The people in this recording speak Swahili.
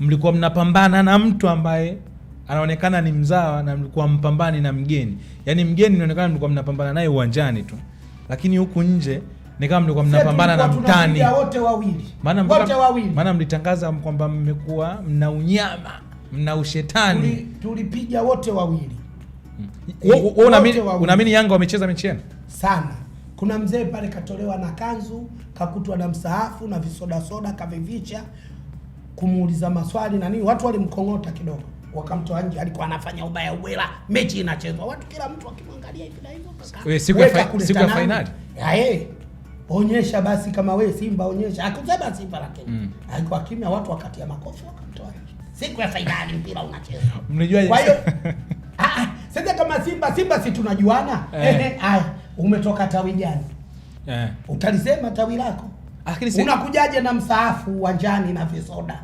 mlikuwa mnapambana na mtu ambaye anaonekana ni mzawa na mlikuwa mpambani na mgeni, yaani mgeni inaonekana mlikuwa mnapambana naye uwanjani tu, lakini huku nje ni kama mlikuwa mnapambana na mtani wote wawili, maana mlitangaza kwamba mmekuwa mna unyama mna ushetani. Tulipiga wote hmm. wawili. Unaamini Yanga wamecheza mechi yenu sana? Kuna mzee pale katolewa na kanzu, kakutwa na msahafu na visodasoda, kavivicha kumuuliza maswali na nini, watu walimkong'ota kidogo, wakamtoa nje. Alikuwa anafanya ubaya ubwela, mechi inachezwa, watu kila mtu akimwangalia hivi na hivyo. Siku ya fainali eh, onyesha basi, kama we Simba onyesha. Akusema Simba, lakini mm. alikuwa kimya, watu wakatia makofi, wakamtoa nje. Siku ya fainali mpira unachezwa, Mnajua Kwa hiyo ah, ah, sasa kama Simba Simba si tunajuana eh. Haya, umetoka tawi gani eh? Utalisema tawi lako, ah, lakini unakujaje na msaafu uwanjani na visoda?